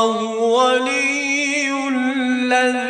الله ولي الذي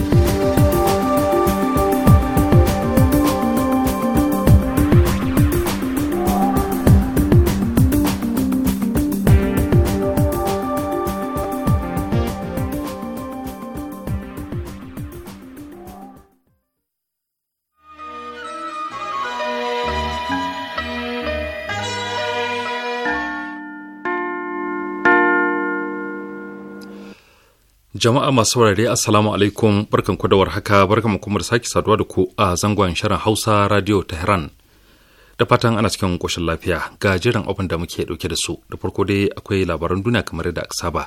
Jama'a masu saurare Assalamu alaikum barkan ku da warhaka barkan kuma da sake saduwa da ku a zangon shirin Hausa Radio Tehran. Da fatan ana cikin koshin lafiya ga jiran abin da muke ɗauke da su da farko dai akwai labaran duniya kamar yadda aka saba.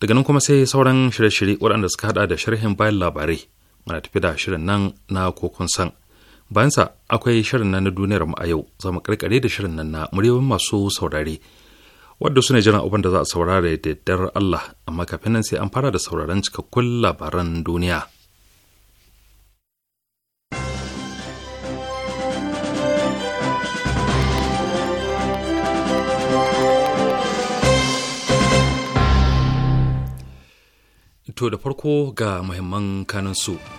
Daga nan kuma sai sauran shirye-shirye waɗanda suka hada da sharhin bayan labarai muna tafi da shirin nan na kokon san. Bayansa akwai shirin nan na duniyar mu a yau za mu karkare da shirin nan na muryoyin masu saurare. wadda su ne jiran abin da za a saurara da daddar Allah amma kafin nan sai an fara da sauraron cikakkun labaran duniya. To da farko ga muhimman kanunsu. su.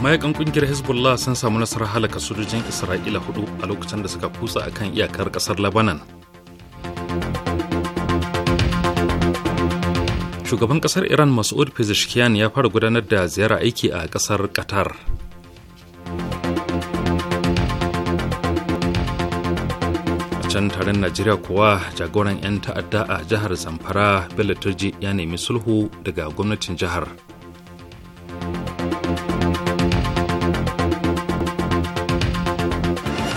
mayakan kungiyar hezbollah sun samu nasarar halaka sojojin isra'ila hudu a lokacin da suka kusa akan iyakar kasar lebanon shugaban kasar iran mas'ud pezeshkian ya fara gudanar da ziyara aiki a kasar qatar can taron najeriya kuwa jagoran 'yan ta'adda a jihar zamfara bello ya nemi sulhu daga gwamnatin jihar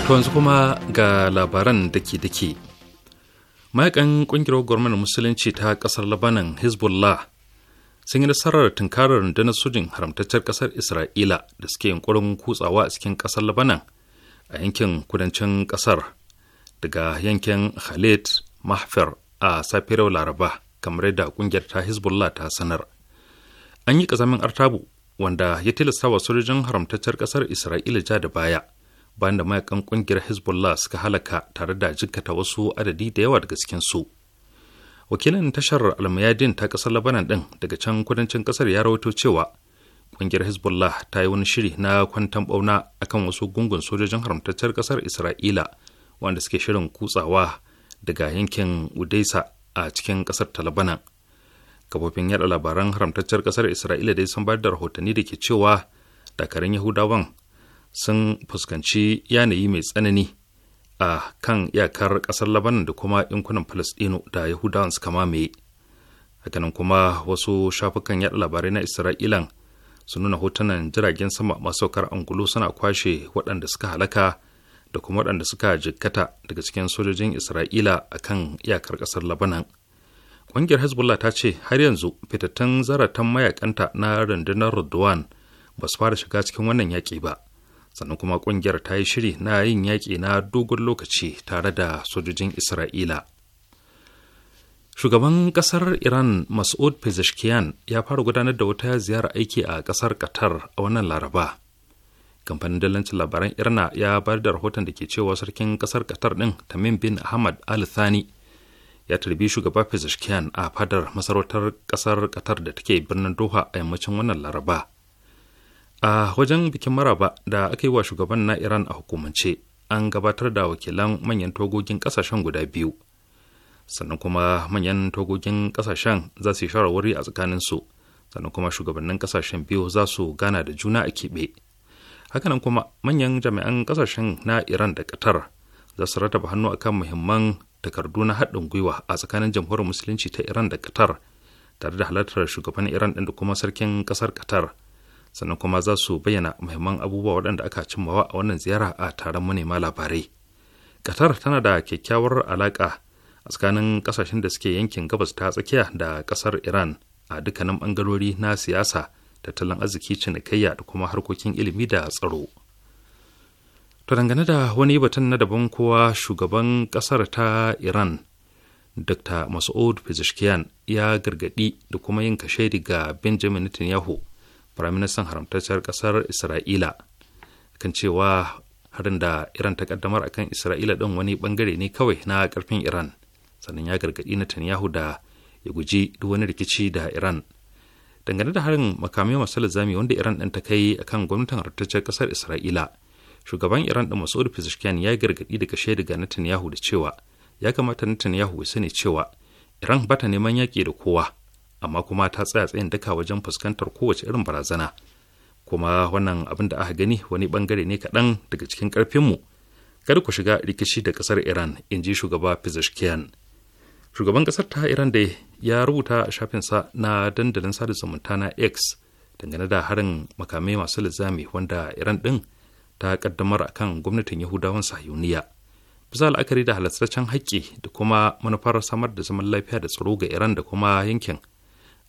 To yanzu kuma ga labaran dake-dake. Mayakan ƙungiyar gwamnatin musulunci ta kasar Labanan Hezbollah sun yi nasarar tunkarar rundunar sojin haramtaccen kasar Isra'ila da suke yunkurin kutsawa a cikin kasar Labanan a yankin kudancin kasar daga yankin Khalid Mahfer a safiyar Laraba kamar yadda ƙungiyar ta Hezbollah ta sanar. An yi ƙazamin artabu wanda ya tilasta wa sojojin haramtaccen kasar Isra'ila ja da baya. bayan da mayakan kungiyar hezbollah suka halaka tare da jikkata wasu adadi da yawa daga cikin su wakilin tashar almayadin ta kasar labanan din daga can kudancin kasar ya rawaito cewa kungiyar hezbollah ta yi wani shiri na kwantan bauna akan wasu gungun sojojin haramtacciyar kasar isra'ila wanda suke shirin kutsawa daga yankin udesa a cikin kasar ta labanan kafofin yada labaran haramtacciyar kasar isra'ila dai sun bayar da rahotanni da ke cewa dakarun yahudawan sun fuskanci yanayi mai tsanani a kan iyakar ƙasar labanan da kuma yankunan falasɗinu da yahudawan suka mamaye hakanan kuma wasu shafukan yaɗa labarai na isra'ilan sun nuna hotunan jiragen sama masu saukar angulu suna kwashe waɗanda suka halaka da kuma waɗanda suka jikkata daga cikin sojojin isra'ila a kan iyakar ƙasar labanan ƙungiyar hezbollah ta ce har yanzu fitattun zaratan mayakanta na rundunar rudwan ba su fara shiga cikin wannan yaƙi ba sannan kuma kungiyar ta yi shiri na yin yaƙi na dogon lokaci tare da sojojin isra'ila shugaban ƙasar iran mas'ud pezeshkian ya fara gudanar da wata ziyara aiki a ƙasar qatar a wannan laraba kamfanin dalancin labaran irna ya bayar da rahoton da ke cewa sarkin ƙasar qatar ɗin tamim bin ahmad al thani ya tarbi shugaba pezeshkian a fadar masarautar ƙasar qatar da take birnin doha a yammacin wannan laraba a wajen bikin maraba da aka yi wa shugaban na iran a hukumance an gabatar da wakilan manyan togogin kasashen guda biyu sannan kuma manyan togogin kasashen za su yi shawarwari a tsakaninsu sannan kuma shugabannin kasashen biyu za su gana da juna a keɓe hakanan kuma manyan jami'an kasashen na iran da qatar za su rataba hannu akan muhimman takardu na haɗin gwiwa a tsakanin jamhuriyar musulunci ta iran da qatar tare da halartar shugaban iran ɗin da kuma sarkin ƙasar qatar sannan kuma za su bayyana muhimman abubuwa waɗanda aka cimmawa a wannan ziyara a taron manema labarai qatar tana da kyakkyawar alaƙa a tsakanin ƙasashen da suke yankin gabas ta tsakiya da ƙasar iran a dukkanin bangarori na siyasa tattalin arziki cinikayya da kuma harkokin ilimi da tsaro to dangane da wani batun na daban kowa shugaban ƙasar ta iran dr masoud pezeshkian ya gargadi da kuma yin kashe ga benjamin netanyahu firaministan haramtacciyar ƙasar isra'ila kan cewa harin da iran ta kaddamar akan isra'ila ɗin wani bangare ne kawai na karfin iran sannan ya gargaɗi netanyahu da ya guji duk wani rikici da iran dangane da harin makamai masu lazami wanda iran ɗin ta kai akan gwamnatin haramtacciyar ƙasar isra'ila shugaban iran ɗin masu pezeshkian ya gargaɗi da kashe daga netanyahu da cewa ya kamata netanyahu ya sani cewa iran bata neman yaƙi da kowa amma kuma ta tsaya tsayin duka wajen fuskantar kowace irin barazana kuma wannan abin da aka gani wani bangare ne kaɗan daga cikin ƙarfinmu kada ku shiga rikici da ƙasar iran in ji shugaba pezeshkian shugaban ƙasar ta iran da ya rubuta a shafinsa na dandalin sada zumunta na x dangane da harin makamai masu lizami wanda iran ɗin ta ƙaddamar kan gwamnatin yahudawan sahiyuniya bisa la'akari da halartaccen haƙƙi da kuma manufar samar da zaman lafiya da tsaro ga iran da kuma yankin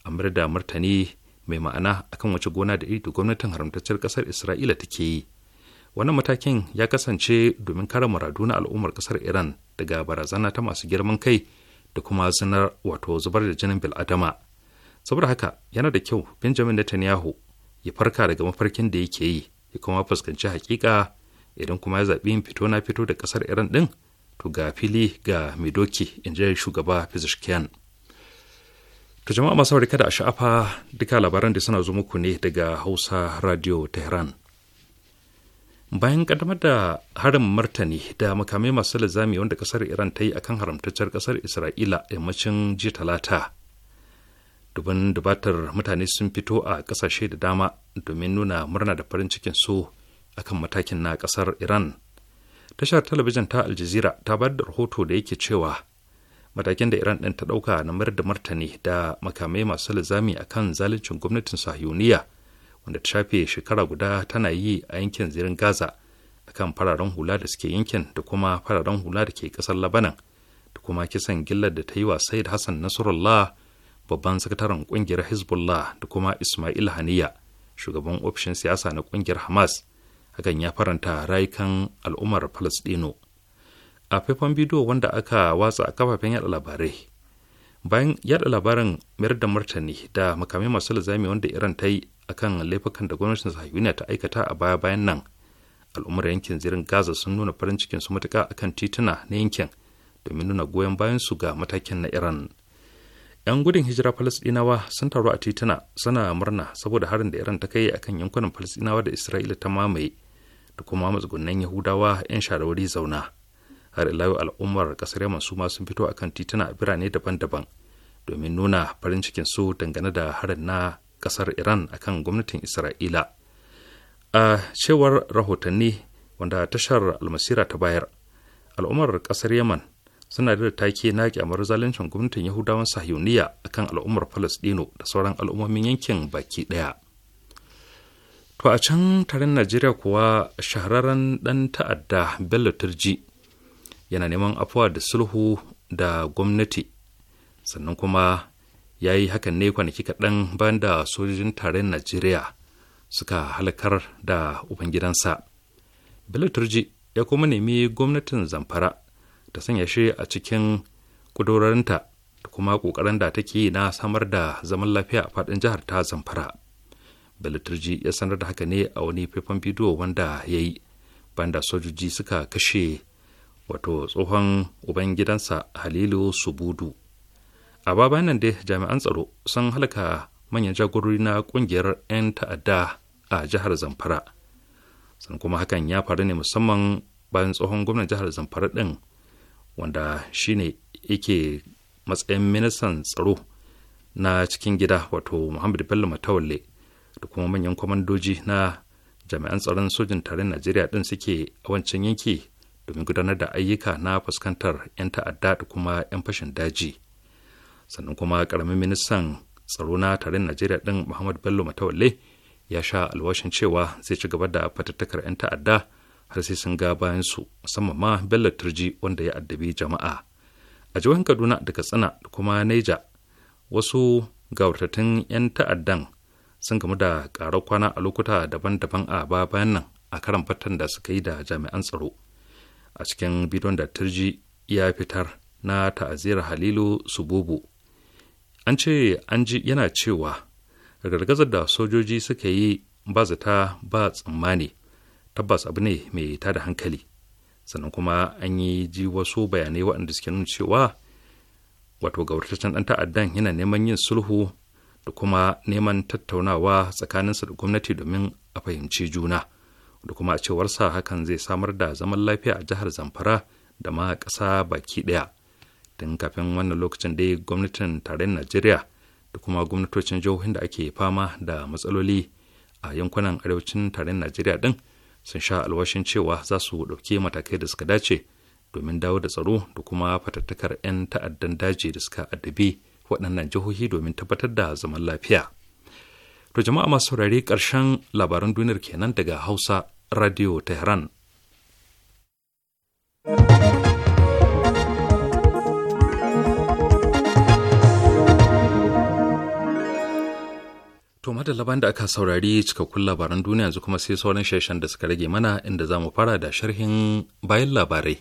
a da martani mai ma'ana akan wace gona da iri da gwamnatin haramtacciyar kasar isra'ila take yi wani matakin ya kasance domin kare muradu na al'ummar kasar iran daga barazana ta masu girman kai da kuma zinar wato zubar da jinin bil'adama saboda haka yana da kyau benjamin netanyahu ya farka daga mafarkin da yake yi ya kuma fuskanci hakika idan kuma ya zaɓi fito na fito da ƙasar iran din to ga fili ga mai in shugaba fizishkiyan To jama'a masu warika da sha'afa duka labaran da suna zo muku ne daga Hausa Radio Tehran. Bayan kaddamar da harin martani da makamai masu lizami wanda kasar Iran ta yi a kan haramtaccen kasar Isra'ila yammacin ji talata. Dubin dubatar mutane sun fito a kasashe da dama domin nuna murna da farin cikin su akan matakin na kasar Iran. Tashar talabijin ta Aljazeera ta bayar da rahoto da yake cewa matakin da iran ɗin ta ɗauka na mayar da martani da makamai masu lizami a kan zaluncin gwamnatin sahiyuniya wanda ta shafe shekara guda tana yi a yankin zirin gaza a kan fararen hula da suke yankin da kuma fararen hula da ke ƙasar labanan da kuma kisan gillar da ta yi wa said hassan nasrullah babban sakataren ƙungiyar hezbollah da kuma ismail haniya shugaban ofishin siyasa na ƙungiyar hamas hakan ya faranta rayukan al'ummar palestino a faifan bidiyo wanda aka watsa a kafafen yada labarai bayan yada labarin mayar da martani da makamai masu lazami wanda iran ta yi akan laifukan da gwamnatin sahiyuniya ta aikata a baya bayan nan al'ummar yankin zirin gaza sun nuna farin cikin su matuka akan tituna na yankin domin nuna goyon bayan su ga matakin na iran 'yan gudun hijira falasdinawa sun taru a tituna suna murna saboda harin da iran ta kai akan yankunan falasdinawa da isra'ila ta mamaye da kuma matsugunan yahudawa 'yan wuri zauna har ila al'ummar kasar yaman su ma sun fito akan tituna a birane daban-daban domin nuna farin cikin su dangane da harin na kasar iran akan gwamnatin isra'ila a cewar rahotanni wanda tashar almasira ta bayar al'ummar kasar yaman suna da take na kyamar zaluncin gwamnatin yahudawan sahiyoniya akan al'ummar d'ino da sauran al'ummomin yankin baki daya to a can taron najeriya kuwa shahararren dan ta'adda bello turji yana neman afuwa da sulhu da gwamnati sannan kuma ya yi hakan ne kwanaki kaɗan bayan da sojojin tarayyar najeriya suka halakar da ubangidansa bello ya kuma nemi gwamnatin zamfara ta sanya shi a cikin kudurarinta da kuma ƙoƙarin da take na samar da zaman lafiya a faɗin jihar ta zamfara bilaturji ya sanar da haka ne a wani faifan bidiyo wanda ya yi bayan da sojoji suka kashe wato tsohon ubangidansa halilu subudu a baba nan dai jami'an tsaro sun halaka manyan jagorori na kungiyar 'yan ta'adda a jihar zamfara sannan kuma hakan ya faru ne musamman bayan tsohon gwamnan jihar zamfara din wanda shine yake matsayin ministan tsaro na cikin gida wato muhammad bello matawalle da kuma manyan kwamandoji na jami'an tsaron sojin tarayyar najeriya ɗin suke a wancan yanki domin gudanar da ayyuka na fuskantar 'yan ta'adda da kuma 'yan fashin daji sannan kuma karamin ministan tsaro na taron najeriya din muhammad bello matawalle ya sha alwashin cewa zai ci gaba da fatattakar 'yan ta'adda har sai sun ga bayan su musamman ma bello turji wanda ya addabi jama'a a jihohin kaduna da katsina da kuma naija wasu gawartattun 'yan ta'addan sun gamu da ƙarar kwana a lokuta daban-daban a bayan nan a karan fatan da suka yi da jami'an tsaro a cikin bidon da turji ya fitar na ta'azira halilu sububu an ce an ji yana cewa gargazar da sojoji suka yi ba zata ba tsammani tabbas abu ne mai tada hankali sannan kuma an yi ji wasu bayanai waɗanda suke nuna cewa wato gaurataccen ɗan ta'addan yana neman yin sulhu da kuma neman tattaunawa tsakaninsa da gwamnati domin a fahimci juna. da kuma a cewarsa hakan zai samar da zaman lafiya a jihar zamfara da ma ƙasa baki ɗaya tun kafin wannan lokacin dai gwamnatin tarayyar najeriya da kuma gwamnatocin jihohin da ake fama da matsaloli a yankunan arewacin tarayyar najeriya din sun sha alwashin cewa za su ɗauki matakai da suka dace domin dawo da tsaro da kuma fatattakar 'yan ta'addan daji da suka addabi waɗannan jihohi domin tabbatar da zaman lafiya. To jama'a masu saurari ƙarshen labaran duniyar kenan daga Hausa radio tehran To madallaban da aka saurari cikakkun labaran duniya yanzu kuma sai sauran sheshen da suka rage mana inda za mu fara da sharhin bayan labarai.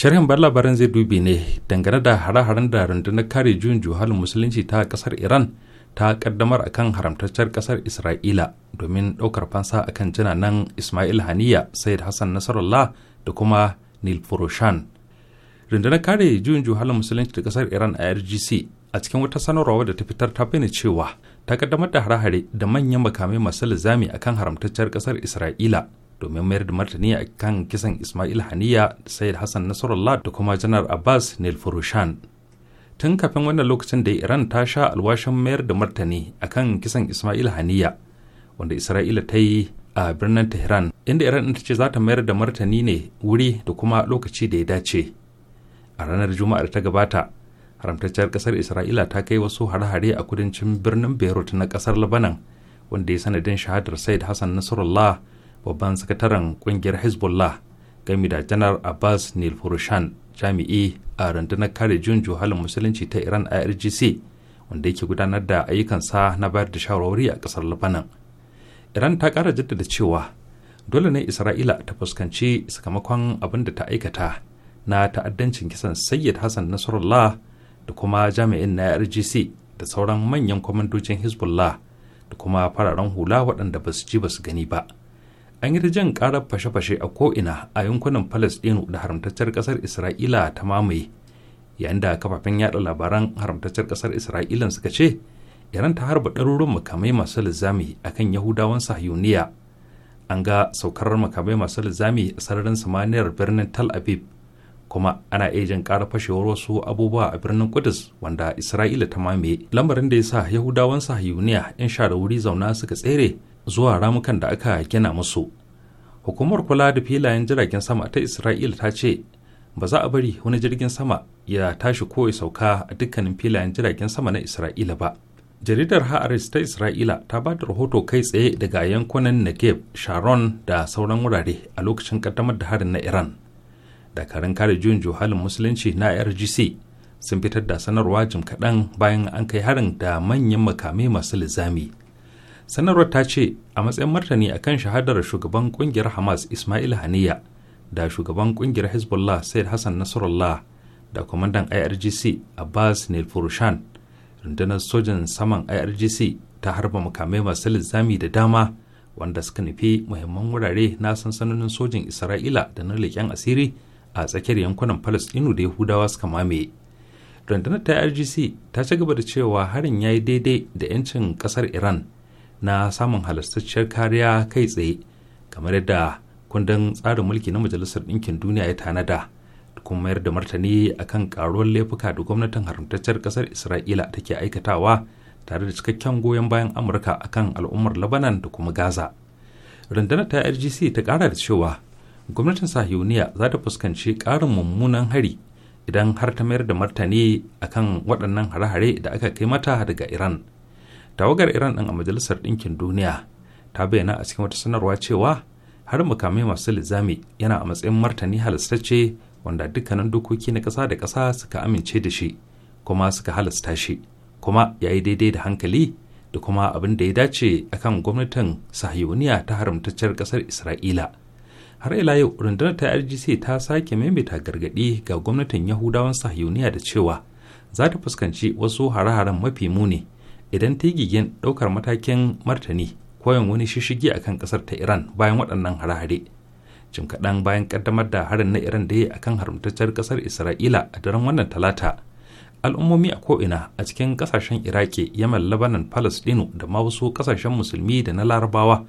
sharhin bar labaran zai dubi ne dangane da hare-haren da rundunar kare juyin juhalin musulunci ta kasar iran ta kaddamar akan haramtaccen kasar isra'ila domin ɗaukar fansa akan jinanan ismail haniya said hassan nasarallah da kuma nil furushan rundunar kare juyin juhalin musulunci ta kasar iran a rgc a cikin wata sanarwa da ta fitar ta bayyana cewa ta kaddamar da hare-hare da manyan makamai masu lizami akan haramtacciyar kasar isra'ila domin mayar da martani a kan kisan ismail haniya da sayid hassan Nasrullah da kuma janar abbas nil furushan tun kafin wannan lokacin da iran ta sha alwashin mayar da martani a kan kisan ismail haniya wanda isra'ila ta yi a birnin tehran inda iran ta ce za ta mayar da martani ne wuri da kuma lokaci da ya dace a ranar juma'ar ta gabata haramtacciyar kasar isra'ila ta kai wasu hare-hare a kudancin birnin beirut na kasar labanan wanda ya sanadin shahadar said hassan nasrullah babban sakataren kungiyar hezbollah gami da janar abbas nilfurushan jami'i a rundunar kare jin juhalin musulunci ta iran irgc wanda yake gudanar da ayyukansa na bayar da shawarwari a kasar labanan iran ta kara jaddada cewa dole ne isra'ila ta fuskanci sakamakon abin da ta aikata na ta'addancin kisan sayyid hassan nasarullah da kuma jami'in na rgc da sauran manyan kwamandocin hezbollah da kuma fararen hula waɗanda ba su ji ba su gani ba an yi ta jan karar fashe-fashe a ko'ina a yankunan palestino da haramtaccen kasar isra'ila ta mamaye yayin da kafafen yada labaran haramtaccen kasar isra'ila suka ce iran ta harba ɗaruruwan makamai masu lizami akan yahudawan sahiyuniya an ga saukar makamai masu lizami a sararin samaniyar birnin tal aviv kuma ana iya jin ƙara fashewar wasu abubuwa a birnin kudus wanda isra'ila ta mamaye lamarin da ya sa yahudawan sahiyuniya 'yan shara wuri zauna suka tsere zuwa ramukan da aka gina musu hukumar kula da filayen jiragen sama ta isra'ila ta ce ba za a bari wani jirgin sama ya tashi ko ya sauka a dukkanin filayen jiragen sama na isra'ila ba jaridar ha'aris ta isra'ila ta ba da rahoto kai tsaye daga yankunan negev sharon da sauran wurare a lokacin kaddamar da harin na iran dakarun kare juyin juhalin musulunci na rgc sun fitar da sanarwa jim kaɗan bayan an kai harin da manyan makamai masu lizami sanarwar ta ce a matsayin martani akan shahadar shugaban kungiyar hamas ismail haniya da shugaban kungiyar hezbollah said hassan nasrallah da kwamandan irgc abbas nilfurushan rundunar sojan saman irgc ta harba makamai masu linzami da dama wanda suka nufi muhimman wurare na sansanonin sojin isra'ila da na leƙen asiri a tsakiyar yankunan palestinu da yahudawa suka mamaye rundunar ta irgc ta ci gaba da cewa harin ya yi daidai da 'yancin ƙasar iran na samun halastacciyar kariya kai tsaye kamar yadda kundin tsarin mulki na majalisar ɗinkin duniya ya tanada kuma mayar da martani akan karuwar laifuka da gwamnatin haramtacciyar ƙasar isra'ila take aikatawa tare da cikakken goyon bayan amurka akan al'ummar labanan da kuma gaza rundunar ta rgc ta ƙara da cewa gwamnatin sahiyuniya za ta fuskanci ƙarin mummunan hari idan har ta mayar da martani akan waɗannan hare-hare da aka kai mata daga iran tawagar iran din a majalisar ɗinkin duniya ta bayyana a cikin wata sanarwa cewa har mukamai masu lizami yana a matsayin martani halastacce wanda dukkanin dokoki na ƙasa da ƙasa suka amince da shi kuma suka halasta shi kuma ya yi daidai da hankali da kuma abin da ya dace akan gwamnatin sahiyoniya ta haramtacciyar ƙasar isra'ila har ila yau rundunar ta rgc ta sake maimaita gargaɗi ga gwamnatin yahudawan sahiyoniya da cewa za ta fuskanci wasu hare-haren mafi muni idan ta yi gigin ɗaukar matakin martani koyon wani shishigi a kan ƙasar ta iran bayan waɗannan hare-hare jim kaɗan bayan ƙaddamar da harin na iran da ya yi a kan haramtaccen ƙasar isra'ila a daren wannan talata al'ummomi a ko'ina a cikin ƙasashen iraki yaman labanan palestino da ma wasu ƙasashen musulmi da na larabawa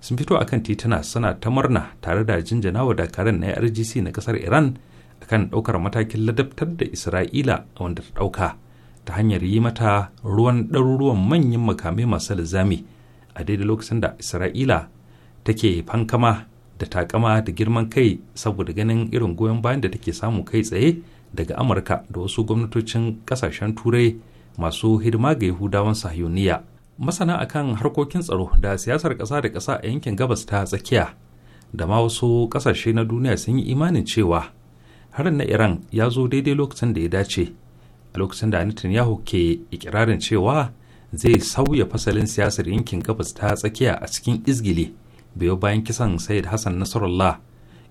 sun fito a kan tituna suna ta murna tare da jinjina wa dakarun na rgc na ƙasar iran akan ɗaukar matakin ladabtar da isra'ila wanda ta ɗauka ta hanyar yi mata ruwan ɗaruruwan manyan makamai masu lizami a daidai lokacin da isra'ila take fankama da takama da girman kai saboda ganin irin goyon bayan da take samu kai tsaye daga amurka da wasu gwamnatocin kasashen turai masu hidima ga yahudawan sahiyoniya masana akan harkokin tsaro da siyasar ƙasa da ƙasa a yankin gabas ta tsakiya da ma wasu ƙasashe na duniya sun yi imanin cewa harin na iran ya zo daidai lokacin da ya dace a lokacin da Netanyahu ke ikirarin cewa zai sauya fasalin siyasar yankin gabas ta tsakiya a cikin izgili biyo bayan kisan sayid Hassan nasarullah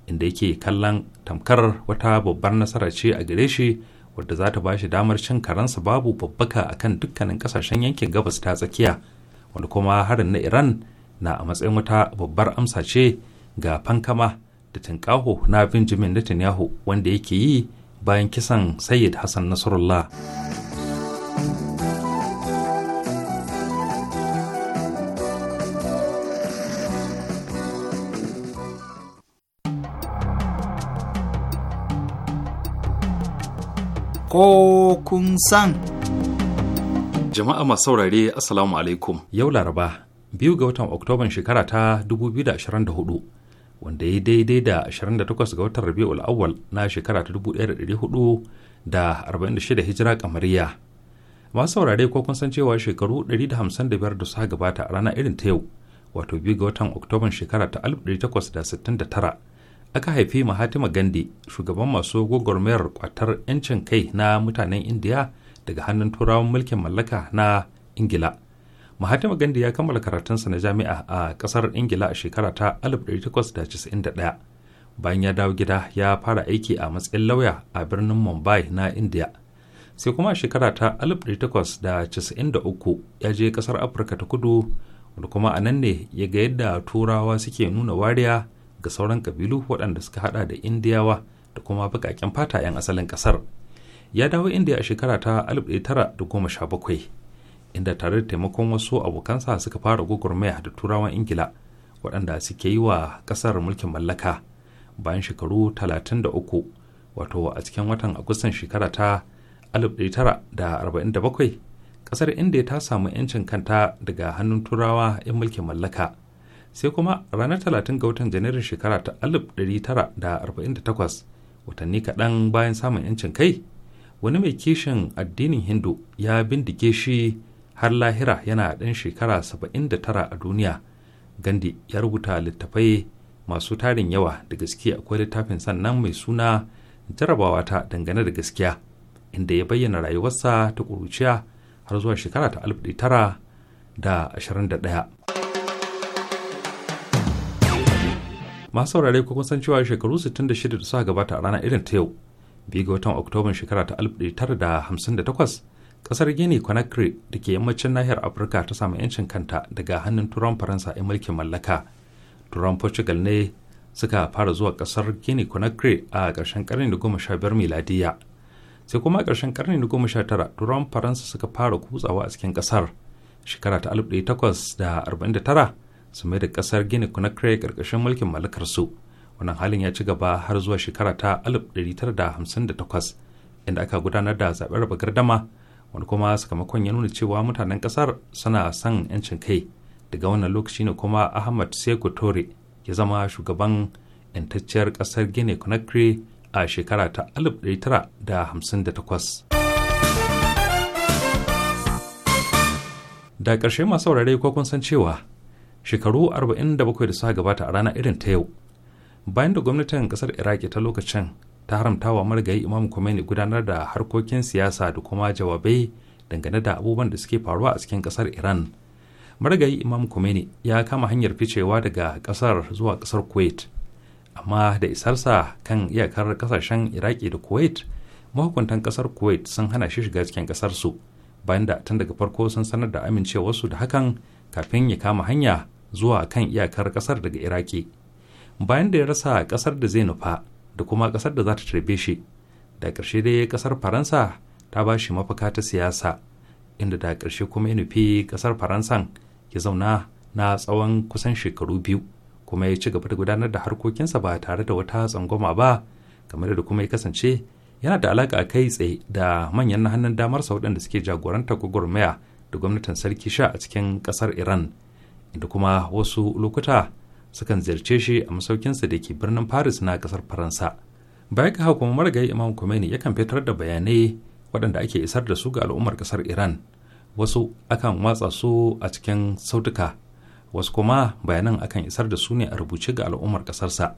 inda yake kallon tamkar wata babbar nasara ce a gare shi wadda za ta bashi damar cin karansa babu babbaka a kan dukkanin kasashen yankin gabas ta tsakiya wanda kuma harin na Iran na a matsayin wata babbar amsa ce ga fankama da tinkaho na Benjamin Netanyahu wanda yake yi bayan kisan Sayyid Hassan Nasrullah. Ko kun san. Jama'a masu saurare, Assalamu alaikum. Yau Laraba, biyu ga watan Oktoban shekara ta 2024. wanda ya daidai da 28 ga watan rabi'ul awwal na shekara ta 1446 hijira kamariya masu saurare ko kun san cewa shekaru 155 da suka gabata a rana irin ta yau wato biyu ga watan oktoban shekara ta 1869 aka haifi mahatima gandhi shugaban masu gwagwarmayar kwatar 'yancin kai na mutanen indiya daga hannun turawan mulkin mallaka na ingila Mahatma Gandhi ya kammala karatunsa na jami'a a ƙasar Ingila a shekara ta 1891. Bayan ya dawo gida ya fara aiki a matsayin lauya a birnin Mumbai na India. Sai kuma a shekara ta 1893 ya je ƙasar Afirka ta kudu wanda kuma a nan ne ya ga yadda turawa suke nuna wariya ga sauran kabilu waɗanda suka hada da indiyawa da kuma baƙaƙen fata 'yan asalin ƙasar ya dawo indiya a shekara ta 1917 inda tare da taimakon wasu abokansa suka fara gwagwarmaya da turawan ingila waɗanda suke yi wa ƙasar mulkin mallaka bayan shekaru 33 wato a cikin watan agustan shekara ta 1947 ƙasar india ta samu 'yancin kanta daga hannun turawa 'yan mulkin mallaka sai kuma ranar 30 ga watan janairun shekara ta 1948 watanni kaɗan bayan samun 'yancin kai wani mai kishin addinin hindu ya bindige shi har lahira yana ɗan shekara 79 a duniya gandi ya rubuta littafai masu tarin yawa da gaske akwai littafin sannan mai suna jarabawa ta dangane da gaskiya inda ya bayyana rayuwarsa ta ƙuruciya har zuwa shekara ta 1921 masu saurare kuma san cewa shekaru 66 da suka gabata a ranar irin ta yau biyu ga watan oktoban shekara ta kasar gini conakry da ke yammacin nahiyar afirka ta samu 'yancin kanta daga hannun turan faransa 'yan mulkin mallaka turan portugal ne suka fara zuwa kasar gini conakry a karshen karni na goma sha biyar miladiya sai kuma a ƙarshen karni na goma sha tara turan faransa suka fara kutsawa a cikin kasar shekara ta alif takwas da arba'in da tara su mai da kasar gini conakry ƙarƙashin mulkin mallakar su wannan halin ya ci gaba har zuwa shekara ta alif ɗari tara da hamsin da takwas inda aka gudanar da zaɓen raba gardama wani kuma sakamakon ya nuna cewa mutanen kasar suna son 'yancin kai daga wannan lokaci ne kuma ahmad seku tore ya zama shugaban 'yantacciyar kasar gine conakry a shekara ta 1958 da ƙarshe masu saurare ko kun san cewa shekaru 47 da suka gabata a rana irin ta yau bayan da gwamnatin kasar iraki ta lokacin ta haramta wa marigayi imam Khomeini gudanar da harkokin siyasa da kuma jawabai dangane da abubuwan da suke faruwa a cikin kasar iran marigayi imam Khomeini ya kama hanyar ficewa daga kasar zuwa kasar kuwait amma da isarsa kan iyakar kasashen iraki da kuwait mahukuntan kasar kuwait sun hana shi shiga cikin kasar su bayan da tun daga farko sun sanar da amincewarsu da hakan kafin ya kama hanya zuwa kan iyakar kasar daga iraki bayan da ya rasa kasar da zai nufa da kuma ƙasar da za ta tarbe shi da ƙarshe dai ƙasar faransa ta ba shi mafaka ta siyasa inda da ƙarshe kuma ya nufi ƙasar faransan ya zauna na tsawon kusan shekaru biyu kuma ya ci gaba da gudanar da harkokinsa ba tare da wata tsangwama ba kamar da kuma ya kasance yana da alaƙa kai tsaye da manyan na hannun damarsa waɗanda suke jagorantar gwagwarmaya da gwamnatin sarki sha a cikin ƙasar iran inda kuma wasu lokuta sukan ziyarce shi a masaukin masaukinsa da ke birnin paris na kasar faransa baya ga kuma marigayi imam khomeini yakan fitar da bayanai waɗanda ake isar da su ga al'ummar kasar iran wasu akan watsa su a cikin sautuka wasu kuma bayanan akan isar da su ne a rubuce ga al'ummar kasarsa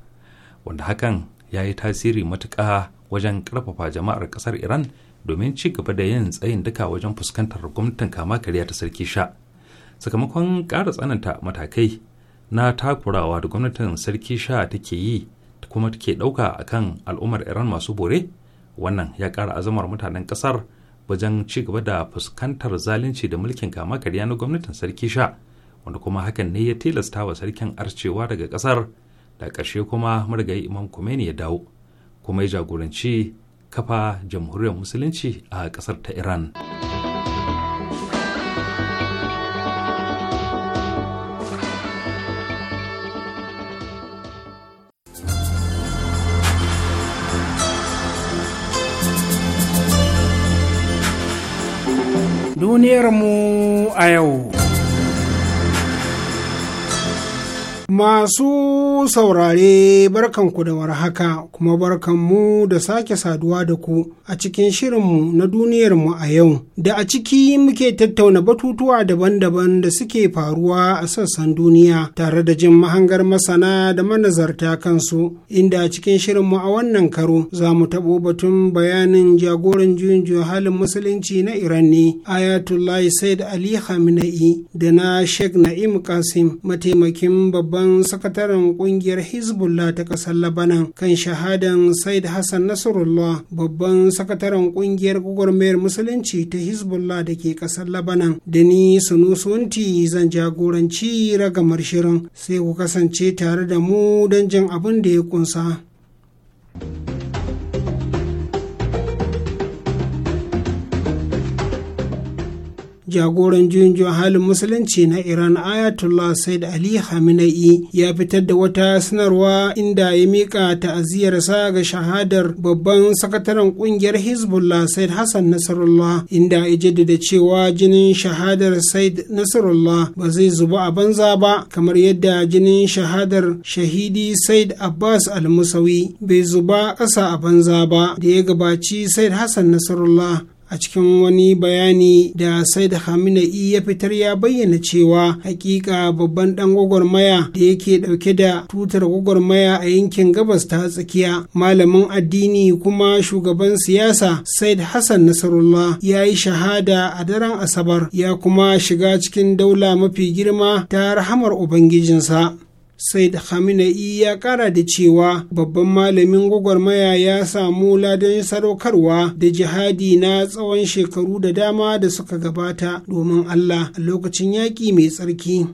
wanda hakan ya yi tasiri matuƙa wajen ƙarfafa jama'ar kasar iran domin ci gaba da yin tsayin duka wajen fuskantar gwamnatin kama karya ta sarki sha sakamakon ƙara tsananta matakai na takurawa da gwamnatin sarki sha take yi kuma take ɗauka a kan al'ummar iran masu bore wannan ya kara azamar mutanen kasar wajen ci gaba da fuskantar zalunci da mulkin kama karya na gwamnatin sarki sha wanda kuma hakan ne ya tilasta wa sarkin arcewa daga kasar? da ƙarshe kuma marigayi imam kumeni ya dawo kuma ya jagoranci kafa jamhuriyar musulunci a kasar ta iran. duniyarmu a yau. Masu saurare barkanku da warhaka kuma barkanmu da sake saduwa da ku a cikin shirinmu na duniyar mu a yau da a ciki muke tattauna batutuwa daban-daban da suke faruwa a sassan duniya tare da jin mahangar masana da manazarta kansu inda a cikin shirinmu a wannan karo za mu taɓo batun bayanin jagoran juyin halin musulunci na Iran ne Ayatollah Said Ali Khamenei da na Sheikh Na'im Qasim mataimakin babban babban sakataren kungiyar hezbollah ta kasar labanan kan shahadan said hassan nasarullah babban sakataren kungiyar gwagwarmayar musulunci ta hezbollah da ke kasar labanan da ni sunusunti zan jagoranci ragamar shirin sai ku kasance tare da mu don jin abin da ya kunsa. jagoran juyin halin musulunci na iran ayatollah said ali hamina'i ya fitar da wata sanarwa inda ya miƙa ta'aziyarsa ga shahadar babban sakataren ƙungiyar hezbollah said hassan nasarullah inda ya jaddada cewa jinin shahadar said nasarullah ba zai zuba a banza ba kamar yadda jinin shahadar shahidi said abbas al bai zuba ƙasa a banza ba da ya gabaci said hassan nasarullah a cikin wani bayani da said hamina'i ya fitar ya bayyana cewa hakika babban dan gwagwarmaya da yake dauke da tutar gwagwarmaya a yankin gabas ta tsakiya malamin addini kuma shugaban siyasa said hassan nasarullah ya yi shahada a daren asabar ya kuma shiga cikin daula mafi girma ta rahamar ubangijinsa said hamina'i ya kara da cewa babban malamin gwagwarmaya ya samu ladan sadaukarwa da jihadi na tsawon shekaru da dama da suka gabata domin allah a lokacin yaƙi mai tsarki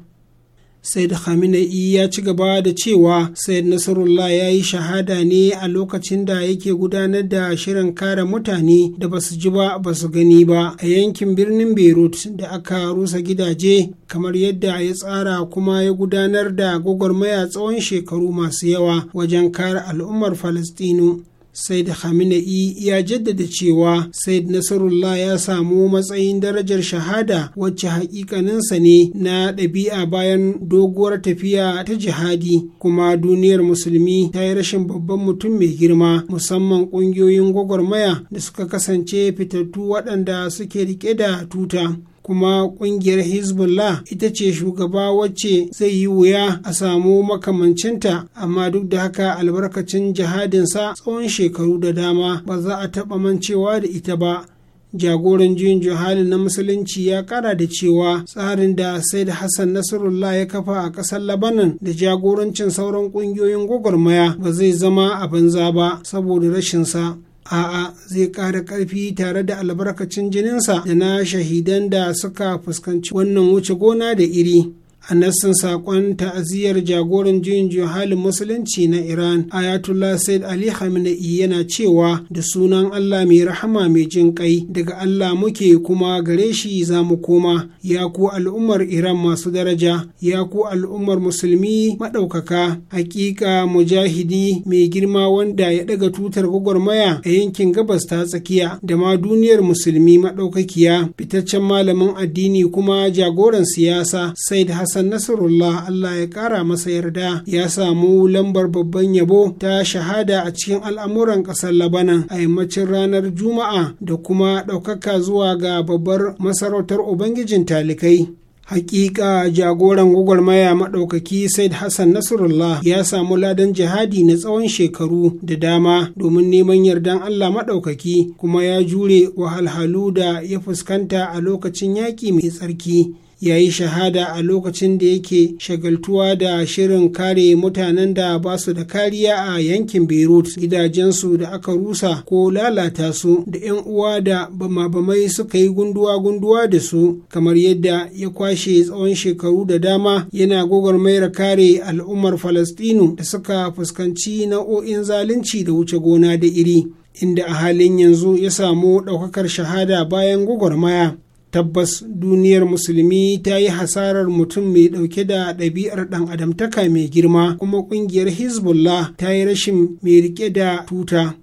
sai da Khamenei ya ci gaba da cewa Said Nasarullah ya yi shahada ne a lokacin da yake gudanar da shirin kare mutane da basu ji ba basu gani ba a yankin birnin Beirut da aka rusa gidaje kamar yadda ya tsara kuma ya gudanar da gwagwarmaya tsawon shekaru masu yawa wajen kare al'ummar Falastinu. Said haminai ya jaddada cewa Said Nasarullah ya samu matsayin darajar shahada wacce hakikaninsa ne na ɗabi'a bayan doguwar tafiya ta jihadi kuma duniyar musulmi ta yi rashin babban mutum mai girma musamman ƙungiyoyin gwagwarmaya da suka kasance fitattu waɗanda suke riƙe da tuta. kuma kungiyar hezbollah ita ce shugaba wacce zai yi wuya a samu makamancinta amma duk da haka albarkacin jihadinsa tsawon shekaru da dama ba za a taɓa mancewa da ita ba jagoran juyin juhali na musulunci ya kara da cewa tsarin da said hassan nasarullah ya kafa a ƙasar labanan da jagorancin sauran ƙungiyoyin gwagwarmaya ba zai zama a banza ba saboda rashinsa a'a zai ƙara ƙarfi tare da albarkacin jininsa da na shahidan da suka fuskanci wannan wuce gona da iri a nassin sakon ta'aziyar jagoran juyin juyin halin musulunci na iran ayatollah said ali khamenei yana cewa da sunan allah mai rahama mai jin kai daga allah muke kuma gare shi za mu koma ya ku al'ummar iran masu daraja ya ku al'ummar musulmi maɗaukaka hakika mujahidi mai girma wanda ya ɗaga tutar gwagwarmaya a yankin gabas ta tsakiya da ma duniyar musulmi maɗaukakiya fitaccen malamin addini kuma jagoran siyasa said hassan Hassan Nasrullah Allah ya ƙara masa yarda ya samu lambar babban yabo ta shahada a cikin al'amuran ƙasar Labanan a yammacin ranar Juma'a da kuma ɗaukaka zuwa ga babbar masarautar Ubangijin talikai. hakika jagoran gwagwarmaya maɗaukaki said hassan nasrullah ya samu ladan jihadi na tsawon shekaru da dama domin neman yardan allah maɗaukaki kuma ya jure wahalhalu da ya fuskanta a lokacin yaƙi mai tsarki ya yi shahada a lokacin da yake shagaltuwa da shirin kare mutanen da ba su da kariya a yankin beirut gidajensu da aka rusa ko lalata su da 'yan uwa da bama suka yi gunduwa-gunduwa da su kamar yadda ya kwashe tsawon shekaru da dama yana gwagwarmayar kare al'ummar falastinu da suka fuskanci nau'o'in zalunci da wuce gona da iri inda a halin yanzu ya samu ɗaukakar shahada bayan gwagwarmaya tabbas duniyar musulmi ta yi hasarar mutum mai ɗauke da ɗabi'ar ɗan adamtaka mai girma kuma ƙungiyar hezbollah ta yi rashin mai riƙe da tuta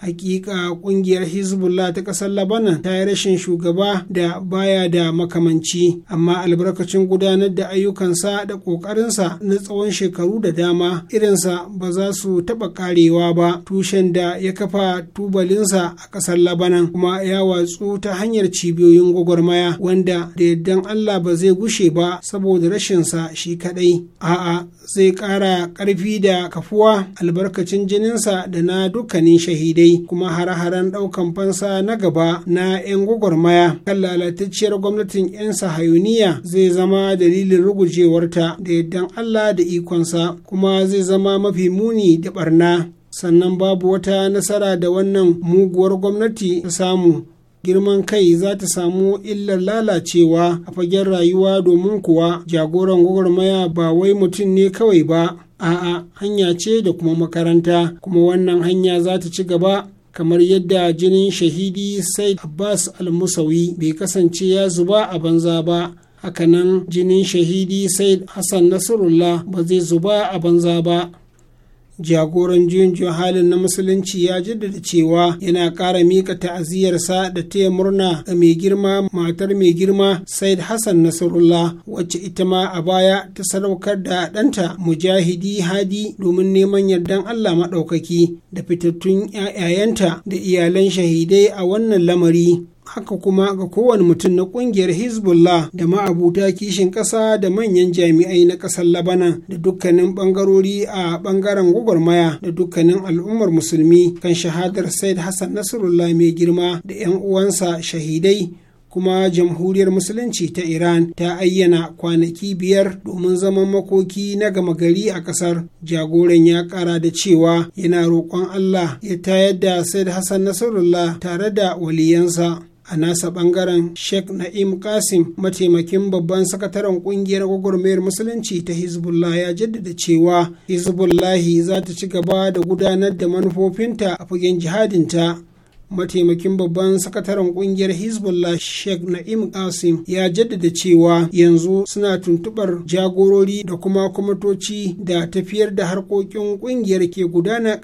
hakika kungiyar hezbollah ta kasar labanan ta yi rashin shugaba da baya da makamanci amma albarkacin gudanar da ayyukansa da kokarinsa na tsawon shekaru da dama irinsa ba za su taba karewa ba tushen da ya kafa tubalinsa a kasar labanan kuma ya watsu ta hanyar cibiyoyin gwagwarmaya wanda da yardan allah ba zai gushe ba saboda rashinsa shi kadai a'a zai kara karfi da kafuwa albarkacin jininsa da na dukkanin shahidai kuma hare-haren ɗaukan fansa na gaba na 'yan gwagwarmaya kan lalatacciyar gwamnatin 'yan sahayuniya zai zama dalilin rugujewarta da yardan Allah da ikonsa kuma zai zama mafi muni da barna sannan babu wata nasara da wannan muguwar gwamnati ta samu girman kai za ta samu illar lalacewa a fagen rayuwa domin kuwa jagoran gwagwarmaya ba wai mutum ne kawai ba a'a hanya ce da kuma makaranta kuma wannan hanya za ta ci gaba kamar yadda jinin shahidi said abbas al-musawi bai kasance ya zuba a banza ba hakanan jinin shahidi said hassan nasrullah ba zai zuba a banza ba jagoran juyin halin na musulunci ya jaddada cewa yana ƙara mika ta'aziyarsa da taya murna ga mai girma matar mai girma said hassan nasarullah wacce ita ma a baya ta sadaukar da ɗanta mujahidi hadi domin neman yardan allah maɗaukaki da fitattun 'ya'yayanta da iyalan shahidai a wannan lamari haka kuma ga kowane mutum na kungiyar hezbollah da ma'abuta kishin kasa da manyan jami'ai na ƙasar labanan da dukkanin bangarori a ɓangaren gwagwarmaya da dukkanin al'ummar musulmi kan shahadar said hassan nasrullah mai girma da 'yan uwansa shahidai kuma jamhuriyar musulunci ta iran ta ayyana kwanaki biyar domin zaman makoki na gama gari a kasar jagoran ya kara da cewa yana roƙon allah ya tayar da said hassan nasarullah tare da waliyansa a nasa bangaren sheikh na'im kasim mataimakin babban sakataren kungiyar gwagwarmayar musulunci ta hezbollah ya jaddada cewa hezbollah za ta ci gaba da gudanar da manufofinta a fagen jihadinta mataimakin babban sakataren kungiyar hezbollah sheikh na'im qasim ya jaddada cewa yanzu suna tuntubar jagorori da kuma kwamitoci da tafiyar da harkokin kungiyar ke gudana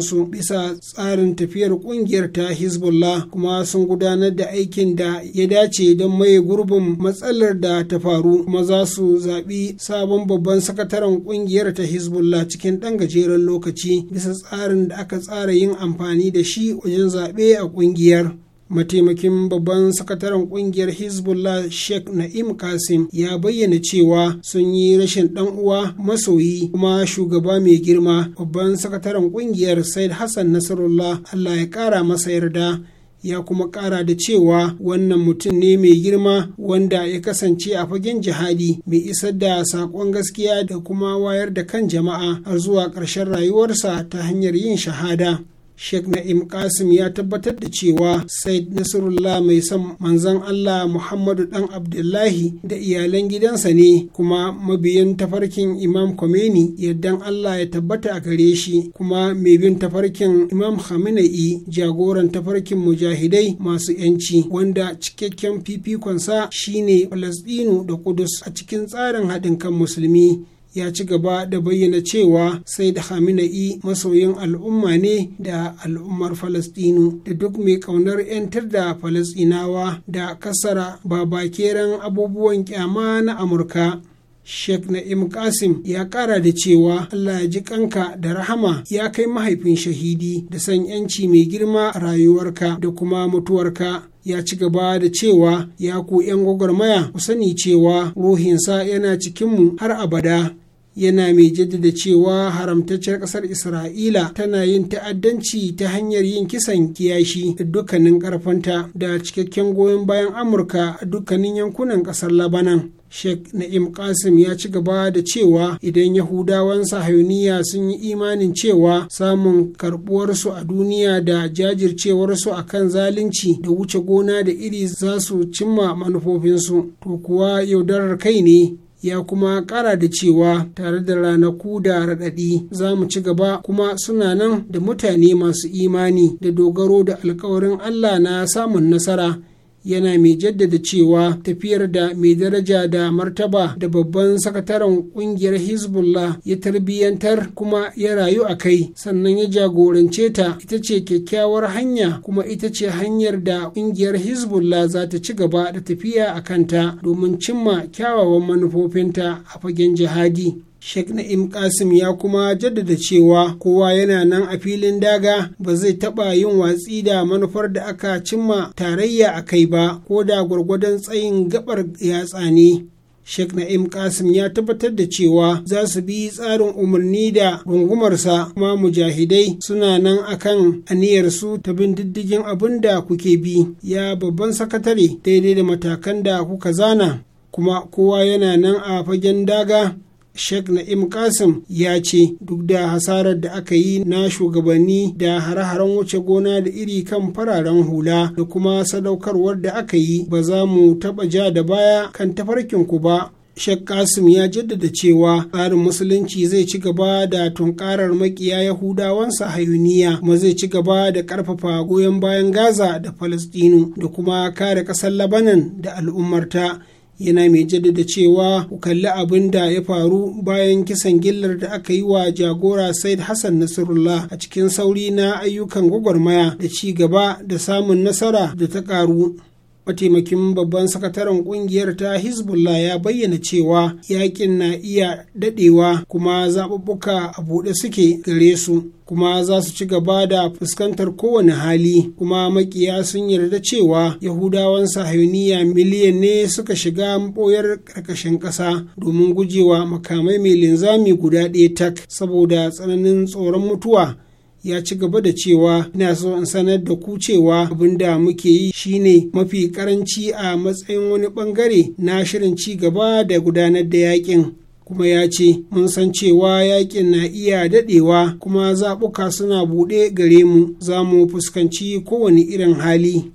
su bisa tsarin tafiyar kungiyar ta hezbollah kuma sun gudanar da aikin da ya dace don maye gurbin matsalar da ta faru kuma za su zaɓi sabon babban sakataren kungiyar ta hezbollah cikin ɗan gajeren lokaci bisa tsarin da aka tsara yin amfani da shi wajen zaɓe a kungiyar mataimakin babban sakataren kungiyar hezbollah sheikh na'im kasim ya bayyana cewa sun yi rashin dan uwa masoyi kuma shugaba mai girma babban sakataren kungiyar said hassan nasarullah allah ya kara masa yarda ya kuma kara da cewa wannan mutum ne mai girma wanda ya kasance a fagen jihadi mai isar da saƙon gaskiya da kuma wayar da kan jama'a har zuwa ƙarshen rayuwarsa ta hanyar yin shahada Sheikh Na'im Qasim ya tabbatar da cewa Said Nasrullah mai son manzon Allah Muhammadu dan Abdullahi da iyalan gidansa ne kuma mabiyin tafarkin Imam Khomeini yaddan Allah ya tabbata a gare shi kuma mai bin tafarkin Imam Khamenei jagoran tafarkin mujahidai masu yanci wanda cikakken fifikonsa shine Falasɗinu da Kudus a cikin tsarin haɗin kan musulmi. ya ci gaba da bayyana cewa sai da hamina'i masoyin al'umma ne da al'ummar falastinu da duk mai kaunar 'yantar da falastinawa da kasara bakeren abubuwan kyama na amurka Sheikh Na'im Kasim ya kara da cewa Allah ya ji kanka da rahama ya kai mahaifin shahidi da san yanci mai girma a rayuwarka da kuma mutuwarka. Ya ci gaba da cewa ya ku 'yan gwagwarmaya ku sani cewa ruhinsa yana cikinmu har abada. yana mai jaddada cewa haramtacciyar ƙasar isra'ila tana yin ta'addanci ta hanyar yin kisan kiyashi da dukkanin ƙarfanta da cikakken goyon bayan amurka a dukkanin yankunan ƙasar labanan Sheikh Na'im Qasim ya ci gaba da cewa idan Yahudawan sahayuniya sun yi imanin cewa samun karbuwarsu a duniya da jajircewarsu a kan zalunci da wuce gona da iri za su cimma manufofinsu, to kuwa yaudarar kai ne ya kuma kara da cewa tare da ranaku da raɗaɗi za mu ci gaba kuma suna nan da mutane masu imani da dogaro da alkawarin Allah na samun nasara yana mai jaddada cewa tafiyar da mai daraja da martaba da babban sakataren kungiyar hezbollah ya tarbiyyantar kuma ya rayu a kai sannan ya jagorance ta ita ce kyakkyawar hanya kuma ita ce hanyar da kungiyar hezbollah za ta ci gaba da tafiya a kanta domin cimma kyawawan manufofinta a fagen jihadi Sheikh Na'im Kasim ya kuma jaddada cewa kowa yana nan a filin daga ba zai taɓa yin watsi da manufar da aka cimma tarayya a kai ba ko da gwargwadon tsayin gabar yatsa ne. Sheikh Na'im Kasim ya tabbatar da cewa za su bi tsarin umarni da rungumarsa kuma mujahidai suna nan akan aniyarsu ta bin diddigin abin da kuke bi ya babban sakatare daidai da matakan da kuka zana kuma kowa yana nan a fagen daga Sheikh Na'im Kasim ya ce duk da hasarar da aka yi na shugabanni da hare-haren wuce gona da iri kan fararen hula da kuma sadaukarwar da aka yi ba za mu taɓa ja da baya kan tafarkin ku ba Sheikh Kasim ya jaddada cewa tsarin musulunci zai ci gaba da tunkarar makiya Yahudawan Hayuniya, kuma zai ci gaba da karfafa goyon bayan Gaza da Falastinu da kuma kare ƙasar Labanan da al'ummarta. yana mai jaddada cewa ku kalli abin da ya faru bayan kisan gillar da aka yi wa jagora said hassan nasrullah a cikin sauri na ayyukan gwagwarmaya da ci gaba da samun nasara da ta karu mataimakin babban sakataren kungiyar ta hezbollah ya bayyana cewa yakin na iya dadewa kuma zaɓuɓɓuka a buɗe suke gare su kuma za su ci gaba da fuskantar kowane hali kuma makiya sun yarda cewa yahudawan sahayuniya miliyan ne suka shiga ɓoyar ƙarƙashin ƙasa domin gujewa makamai mai linzami guda ɗaya tak saboda tsananin tsoron mutuwa ya ci gaba da cewa ina so in sanar da ku cewa abin da muke yi shine mafi karanci a matsayin wani bangare na shirin ci gaba da gudanar da yakin kuma ya ce mun san cewa yakin na iya dadewa kuma zaɓuka suna buɗe gare mu za mu fuskanci kowane irin hali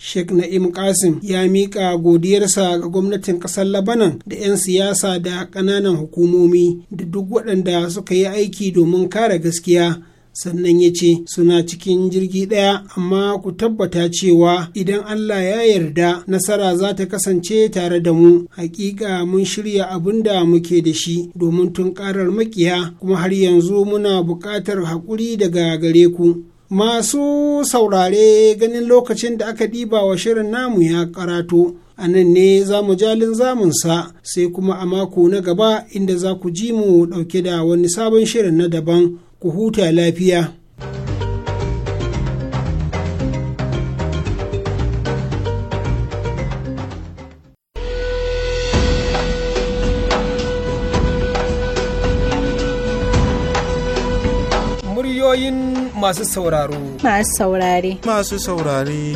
Sheikh Na'im Qasim ya miƙa godiyarsa ga gwamnatin ƙasar Labanan da 'yan siyasa da ƙananan hukumomi da duk waɗanda suka yi aiki domin kare gaskiya sannan ya ce suna cikin jirgi ɗaya amma ku tabbata cewa idan Allah ya yarda nasara za ta kasance tare da mu hakika mun shirya abin da muke da shi domin tun ƙarar makiya kuma har yanzu muna buƙatar haƙuri daga gare ku masu saurare ganin lokacin da aka ɗiba wa shirin namu ya karato a nan ne za mu jalin zamunsa sai kuma a mako na gaba inda za ku ji mu ɗauke da wani sabon shirin na daban ku huta lafiya. Muryoyin masu sauraro. Masu saurare. Masu saurare.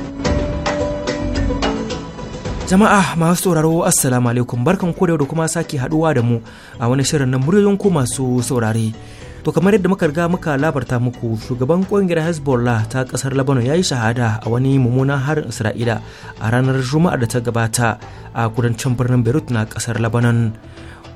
Jama'a masu sauraro Assalamu alaikum barkan ku da kuma sake haduwa da mu a wani shirin na muryoyin ku masu saurare. to kamar yadda muka riga muka labarta muku shugaban kungiyar hezbollah ta kasar lebanon ya yi shahada a wani mummunan harin isra'ila a ranar juma'ar da ta gabata a kudancin birnin beirut na kasar lebanon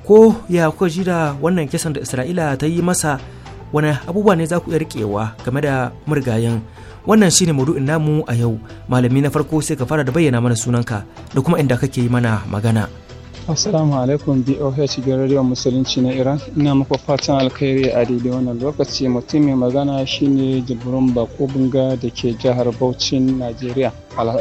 ko ya kuka ji da wannan kisan da isra'ila ta yi masa wani abubuwa ne za ku iya riƙewa game da murgayen wannan shine maudu'in namu a yau malami na farko sai ka fara da bayyana mana sunanka da kuma inda kake yi mana magana Assalamu alaikum BOH ga Radio Musulunci na Iran. Ina muku fatan alkhairi a daidai wannan lokaci mutum mai magana shine Jibrin Bako Bunga da ke jihar Bauchi, Najeriya.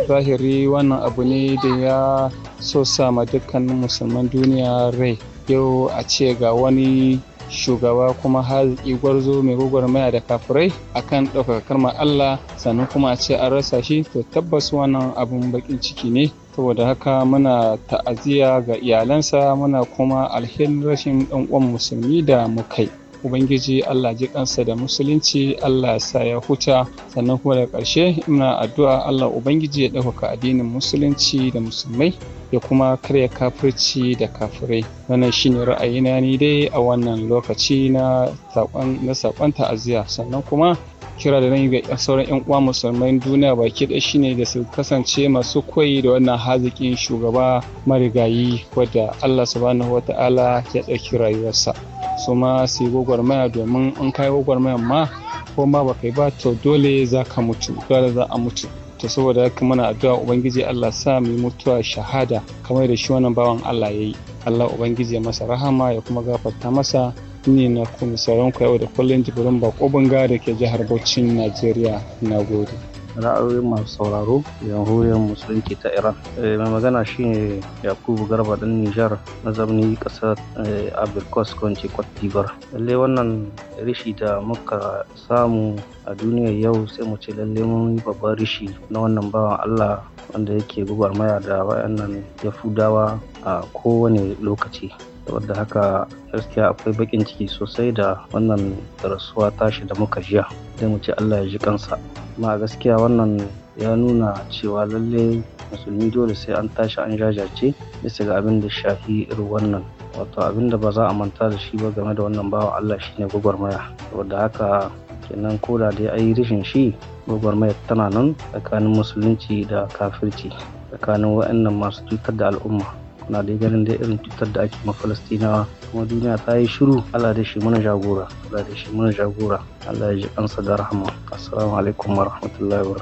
zahiri wannan abu ne da ya so sama dukkanin musulman duniya rai. Yau a ce ga wani shugaba kuma haziki gwarzo mai gwagwarmaya da kafurai akan ɗaukakar ma Allah sannan kuma a ce an rasa shi to tabbas wannan abin bakin ciki ne saboda haka muna ta'aziyya ga iyalansa muna kuma alhin rashin ɗan musulmi da mukai. ubangiji allah ji kansa da musulunci allah sa ya huta sannan kuma da ƙarshe ina addu'a allah ubangiji ya ɗaukaka addinin musulunci da musulmai ya kuma karya kafirci da kafirai wannan shine ra'ayina ni dai a wannan lokaci na saƙon ta'aziyya sannan kuma kira da nan ga sauran 'yan uwa musulmai duniya baki ɗaya shine da su kasance masu kwai da wannan hazikin shugaba marigayi wadda allah subhanahu wata'ala ya ɗauki rayuwarsa su ma su yi gwagwarmaya domin in kai gwagwarmayan ma ko ma ba kai ba to dole za ka mutu dole za a mutu to saboda haka muna addu'a ubangiji Allah sa mu mutuwa shahada kamar da shi wannan bawan Allah yayi Allah ubangiji ya masa rahama ya kuma gafarta masa ni na kuma sauran ku yau da kullun jibrin ba bunga da ke jihar Bauchi Najeriya nagode ra'ayoyin masu sauraro jamhuriyar musulunci ta iran eh, mai magana shine yakubu garba ɗan nijar na mazamni kasar abirkos kwanci kwatibar Lallai wannan rishi da muka samu a duniyar yau sai mu ce lalle mun yi babban rishi na wannan bawan allah wanda yake maya da wayannan yafudawa a kowane lokaci wadda haka gaskiya akwai bakin ciki sosai da wannan rasuwa tashi da muka jiya sai mu ce allah ya ji kansa ma gaskiya wannan ya nuna cewa lalle musulmi dole sai an tashi an jajace bisa ga abin da shafi irin wannan wato abin da ba za a manta da shi ba game da wannan bawa allah shine gwagwarmaya wadda haka kenan koda ya ayi rishin shi gwagwarmaya tana nan tsakanin musulunci da kafirci tsakanin waɗannan masu cutar da al'umma na dai ganin da irin cutar da ake ma falastinawa kuma duniya ta yi shiru ala da shi muna jagora ala da shi mana jagora Allah ya ji da rahama assalamu alaikum wa rahmatullahi wa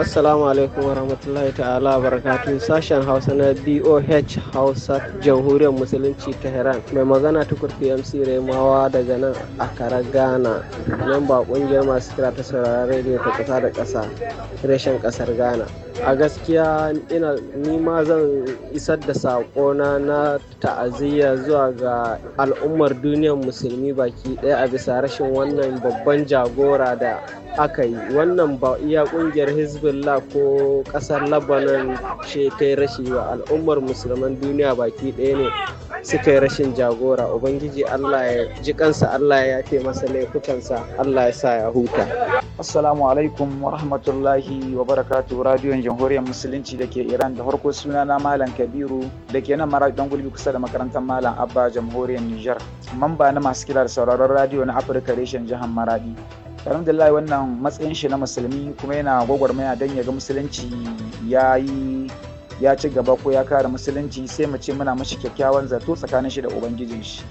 assalamu alaikum wa rahmatullahi ta'ala barakatu sashen hausa na boh hausa jamhuriyar musulunci tehran mai magana tukur pmc remawa daga nan akara ghana nan ba kungiyar masu kira ta saurara rediyo ta kasa da kasa reshen ƙasar ghana a gaskiya ina ma zan isar da saƙona na ta'aziyya zuwa ga al'ummar duniyar musulmi baki ɗaya a bisa rashin wannan wannan babban jagora da aka yi wannan ba iya kungiyar hezbollah ko kasar lebanon ce ta rashi ba al'ummar musulman duniya baki ɗaya ne suka yi rashin jagora ubangiji allah ya ji kansa allah ya yafe masa laifukansa allah ya sa ya huta assalamu alaikum wa rahmatullahi wa barakatuh radiyon jamhuriyar musulunci da ke iran da farko suna na malam kabiru da ke nan mara don gulbi kusa da makarantar malam abba jamhuriyar nijar mamba na masu kira da sauraron radiyo na afirka reshen jihar maradi alhamdulillah wannan matsayin shi na musulmi kuma yana gwagwarmaya don ya ga musulunci ya yi ya ci gaba ko ya kare musulunci sai mu ce muna mashi kyakkyawan zato tsakanin shi da ubangijin shi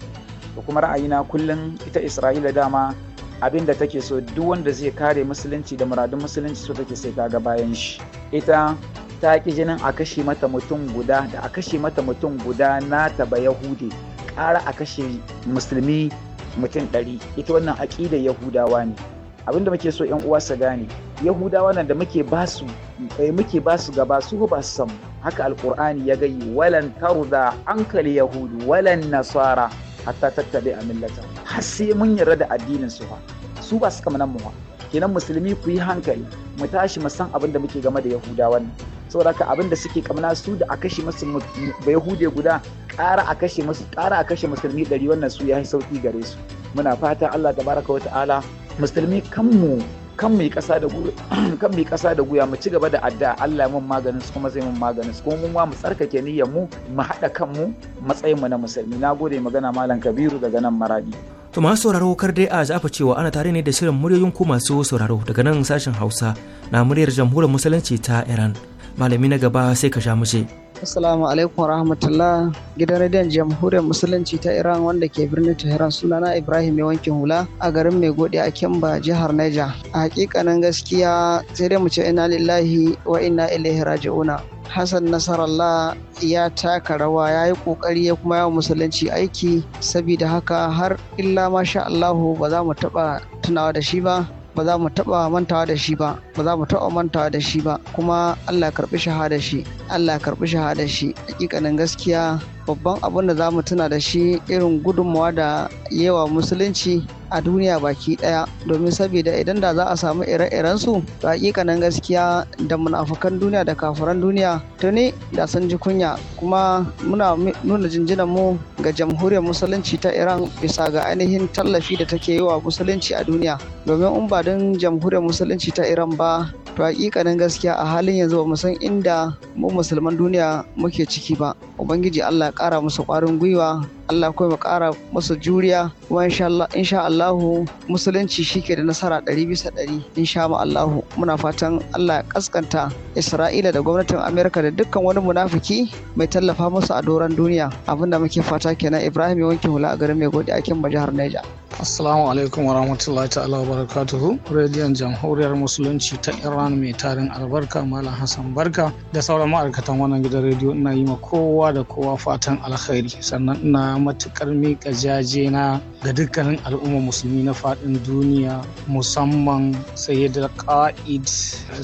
da kuma ra'ayina kullum ita isra'ila dama abin da take so duk wanda zai kare musulunci da muradun musulunci so take sai kaga bayan shi ita ta ki jinin a kashe mata mutum guda da a kashe mata mutum guda na taba yahudi kara a kashe musulmi mutum ɗari ita wannan aƙidar yahudawa ne Abin da muke so yan uwa su gane yahudawa nan da muke basu eh, muke basu gaba su ba su san haka alkur'ani ya gayi walan tarda hankali yahudu walan nasara hatta tattabi a millata har sai mun yarda da addinin su fa su ba su kamar nan mu kenan musulmi ku yi hankali mu tashi mu san abin da muke game da yahudawan nan saboda haka abin da suke kamna su da a kashe masu bayahude guda kara a kashe masu ƙara a kashe musulmi ɗari wannan su ya yi sauƙi gare su muna fata Allah tabaraka wa ta'ala musulmi kanmu kan mai kasa da guya mu ci gaba da adda Allah mun maganin su kuma zai mun maganin su kuma mun wa mu tsarkake niyyar mu mu haɗa kanmu matsayin mu na musulmi nagode magana malam Kabiru daga nan Maradi to masu sauraro kar dai a zafa cewa ana tare ne da shirin muryoyin ku masu sauraro daga nan sashen Hausa na muryar jamhuriyar musulunci ta Iran malami na gaba sai ka sha mu ce. Assalamu alaikum rahmatullah gidan rediyon jamhuriyar musulunci ta Iran wanda ke birnin Tehran sunana Ibrahim wankin hula a garin mai gode a Kimba jihar Niger. A hakikanin gaskiya sai dai mu ce ina lillahi wa inna ilaihi raji'una. Hassan Nasarallah ya taka rawa ya yi kokari ya kuma yawan musulunci aiki saboda haka har illa masha Allahu ba za mu taba tunawa da shi ba ba za mu taba mantawa da shi ba ba za mu taɓa mantawa da shi ba kuma Allah karbi shahada shi Allah karbi shahada shi hakikanin gaskiya babban abin da za mu tuna da shi irin gudunmawa da yawa musulunci a duniya baki ɗaya domin saboda idan da za a samu ire-iren su to hakikanin gaskiya da munafukan duniya da kafuran duniya tuni da sun ji kunya kuma muna nuna jinjinan mu ga jamhuriyar musulunci ta iran bisa ga ainihin tallafi da take yi wa musulunci a duniya domin in ba don jamhuriyar musulunci ta iran ba to hakikanin gaskiya a halin yanzu ba mu san inda mu musulman duniya muke ciki ba ubangiji allah ya kara musu kwarin gwiwa Allah kuma mu kara musu juriya kuma insha Allah musulunci shike da nasara ɗari bisa ɗari insha Allah muna fatan Allah ya kaskanta Isra'ila da gwamnatin Amerika da dukkan wani munafiki mai tallafa musu a doron duniya abinda muke fata kenan Ibrahim ya wanke hula a garin mai godi a kin jihar Niger. Assalamu alaikum wa rahmatullahi ta'ala wa barakatuhu. Radiyon Jamhuriyar Musulunci ta Iran mai tarin albarka Malam Hassan Barka da sauran ma'aikatan wannan gidan rediyo ina yi ma kowa da kowa fatan alkhairi sannan ina ina matukar miƙa jajena ga dukkanin al'ummar musulmi na faɗin duniya musamman sayyidar ka'id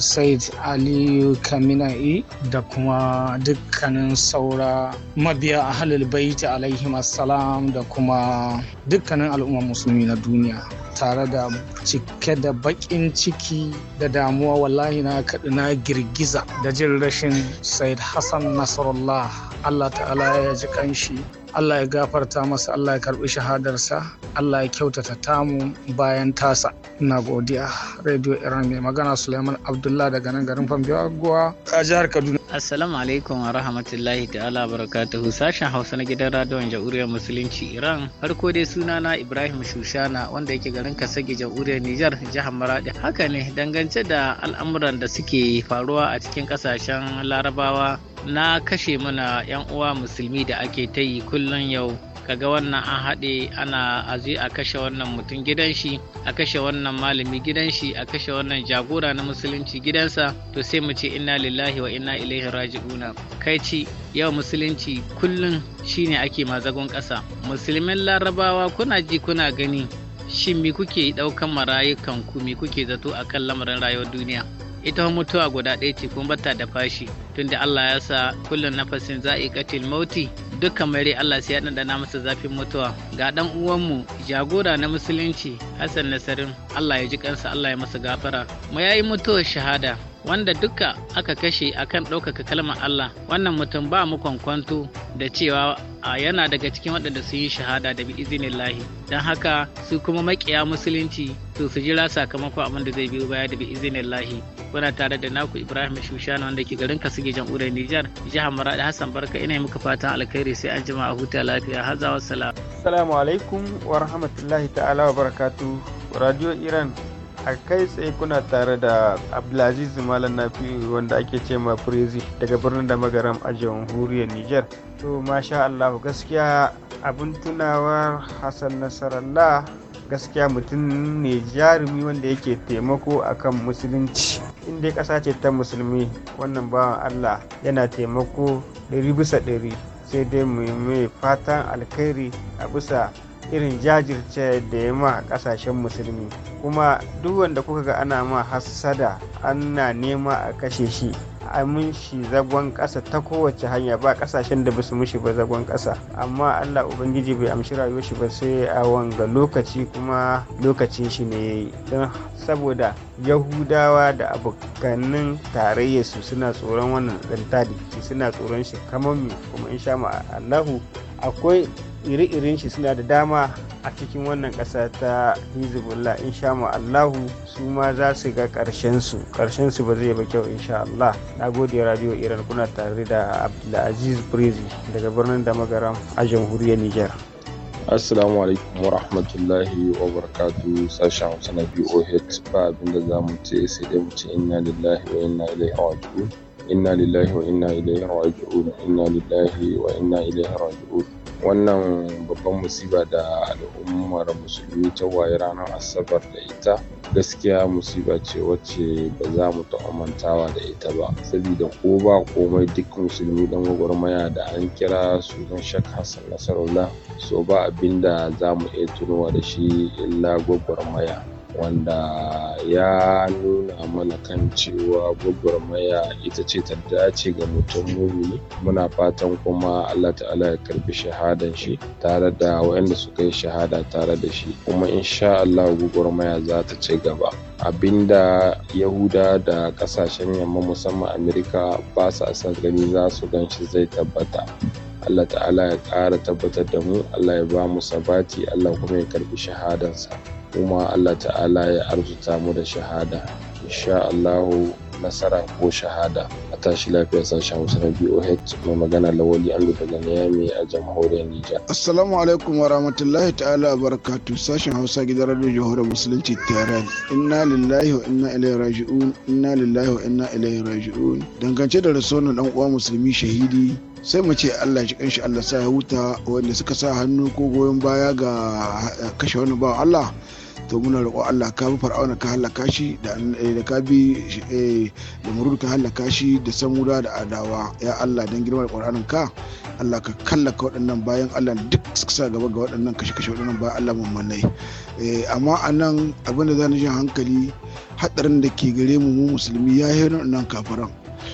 said aliyu kamina'i da kuma dukkanin saura mabiya ahalul baiti alaihim assalam da kuma dukkanin al'ummar musulmi na duniya tare da cike da baƙin ciki da damuwa wallahi na kaɗi na girgiza da jin rashin said hassan nasarallah allah ta'ala ya ji kanshi Allah ya gafarta masa Allah ya karbi shahadarsa Allah ya kyautata tamu bayan tasa na godiya radio iran mai magana suleiman abdullah daga nan garin guwa a jihar kaduna assalamu alaikum wa rahmatullahi ta'ala barakatuhu sashen hausa na gidan radiyon jamhuriyar musulunci iran farko dai suna na ibrahim shushana wanda yake garin kasage jamhuriyar nijar jihar maradi haka ne dangance da al'amuran da suke faruwa a cikin kasashen larabawa na kashe mana yan uwa musulmi da ake ta yi kullum kullum yau kaga wannan an haɗe ana aje a kashe wannan mutum gidan shi a kashe wannan malami gidan shi a kashe wannan jagora na musulunci gidansa to sai mu ce inna lillahi wa inna ilaihi raji'una kai ci yau musulunci kullum shine ake mazagon ƙasa musulmin larabawa kuna ji kuna gani shin me kuke ɗaukan marayukan ku me kuke zato akan lamarin rayuwar duniya ita mutuwa guda ɗaya ce kuma bata da fashi tunda Allah ya sa kullum nafasin za'i katil mauti dukkan mai Allah sai ya ɗanɗana masa zafin mutuwa ga ɗan uwanmu jagora na musulunci Hassan Nasarin Allah ya ji kansa Allah ya masa gafara mu yayi mutuwar shahada wanda duka aka kashe akan ɗaukaka kalmar Allah wannan mutum ba mu kwankwanto da cewa a yana daga cikin waɗanda su yi shahada da bi izinin lahi don haka su kuma maƙiya musulunci to su jira sakamako abin da zai biyo baya da bi izinin lahi kuna tare da naku ibrahim shushana wanda ke garin kasige jamhuriyar nijar jihar maradi hassan barka ina muka fatan alkhairi sai an jima a huta lafiya hazawa salam assalamu alaikum wa rahmatullahi ta'ala wa barakatu radio iran a kai tsaye kuna tare da abdulaziz malam nafi wanda ake ce ma firizi daga birnin da magaram a jamhuriyar nijar to masha allahu gaskiya abin tunawar hassan nasarallah gaskiya mutum ne jarumi wanda yake taimako akan musulunci inda dai ƙasa ce ta musulmi wannan bawan allah yana taimako ɗari bisa ɗari sai dai mai fatan alkhairi a bisa irin jajirce da ya ma kasashen musulmi kuma duk wanda kuka ga ana ma hassada ana nema a kashe shi amin shi zagon ƙasa ta kowace hanya ba ƙasashen da basu mushi ba zagon ƙasa amma allah ubangiji bai amshi rayuwar shi ba sai a wanga lokaci kuma lokacin shi ne ya yi don saboda yahudawa da abokanin tarayyarsu suna tsoron wannan ɗan tadi suna tsoron shi kamar mu kuma in sha allahu akwai iri-irin shi suna da dama a cikin wannan ƙasa ta hezbollah insha allahu su ma za su ga ƙarshensu ƙarshensu ba zai ba kyau insha allah na gode radio iran kuna tare da abdulaziz brizi daga birnin damagaram a jamhuriyar niger Assalamu alaikum wa rahmatullahi wa barakatu sashen Hausa na BOH ba abinda za mu ce sai dai mu ce inna lillahi wa inna ilaihi raji'un. inna lillahi wa inna ilaihi raji'un inna lillahi wa inna ilaihi raji'un wannan babban musiba da al'ummar musulmi ta waye ranar asabar da ita gaskiya musiba ce wacce ba za mu ta'amantawa da ita ba Sabida ko ba komai duk musulmi dan gwagwarmaya da an kira sunan shak hassan nasarullah so ba abin da za mu iya tunowa da shi illa gwagwarmaya wanda ya nuna mana kan cewa gwagwarmaya ita ce ta dace ga mutum ne muna fatan kuma allah ta'ala ya karbi shahadan shi tare da waɗanda suka yi shahada tare da shi kuma insha allah gwagwarmaya za ta ci gaba abinda yahuda da ƙasashen yamma musamman amerika ba sa san gani za su gan shi zai tabbata allah ta'ala ya ƙara tabbatar da mu allah ya ba mu sabati allah kuma ya karɓi shahadansa kuma Allah ta'ala ya arzuta mu da shahada insha Allahu nasara ko shahada a tashi lafiya sashen hausa na boh mai magana lawali an daga niyami a jamhuriyar nijar assalamu alaikum wa rahmatullahi ta'ala wa barakatu sashen hausa gidan radio jamhuriyar musulunci tare inna lillahi wa inna ilaihi raji'un inna lillahi wa inna ilaihi raji'un dangance da rasulun dan uwa musulmi shahidi sai mu ce Allah shi kanshi Allah sa ya huta wanda suka sa hannu ko goyon baya ga kashe wani bawa Allah to muna roƙo Allah ka bi fara'auna ka halaka shi da eh, ka bi eh, da murur ka halaka shi da samura da adawa ya Allah dan girmar ƙwararren ka Allah ka kallaka waɗannan bayan Allah duk sa gaba ga waɗannan kashe-kashe waɗannan bayan Allah mummanai eh, amma a nan abin da za ni jin hankali hatsarin da ke gare mu mu musulmi ya yi nan kafaran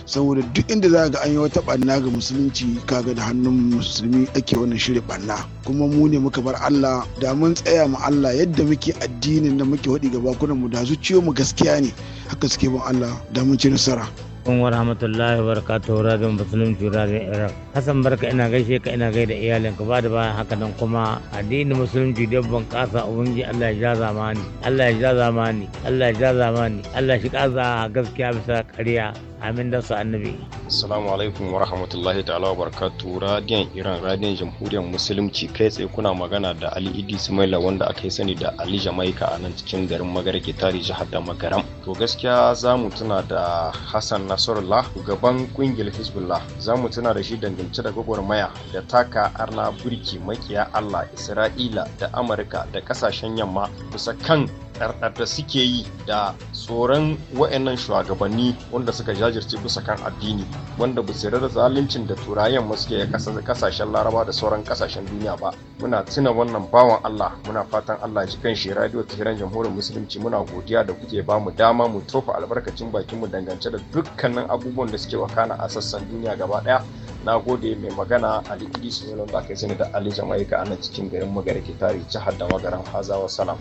saboda duk inda za ga an yi wata banna ga musulunci kaga da hannun musulmi ake wannan shirin banna kuma mu ne muka bar Allah da mun tsaya mu Allah yadda muke addinin da muke waɗi ga mu, da zuciyo mu gaskiya ne haka suke bin Allah da mun ci nasara. kun wa rahmatullahi wa barakatuhu radio muslim radio iraq hassan barka ina gaishe ka ina gaida iyalin ka ba da bayan haka nan kuma addinin musulunci da ban kasa ubangi Allah ya ja zamani Allah ya ja zamani Allah ya ja zamani Allah shi kasa gaskiya bisa ƙarya amin da su annabi assalamu alaikum wa rahmatullahi ta'ala wa barakatuh radiyan iran radiyan jamhuriyar musulunci kai tsaye kuna magana da ali idi sumaila wanda aka yi sani da ali jamaika a nan cikin garin magarki tari jihar da magaram to gaskiya za mu tuna da hassan Nasrullah gaban kungiyar hezbollah za mu tuna da shi dangance da gwagwarmaya da taka arna burki makiya allah isra'ila da amurka da kasashen yamma bisa kan ɗarɗar da suke yi da tsoron wa'annan shugabanni wanda suka ja jajirce kusa kan addini wanda ba su da zaluncin da turayen suke ya kasashen laraba da sauran kasashen duniya ba muna tuna wannan bawan allah muna fatan allah ji kan shi radio hiran jamhuriyar musulunci muna godiya da kuke ba mu dama mu tofa albarkacin bakin mu dangance da dukkanin abubuwan da suke wakana a sassan duniya gaba daya na gode mai magana ali idris ne da aka da ali jama'ika a nan cikin garin ke tare jihar da magaran hazawa salam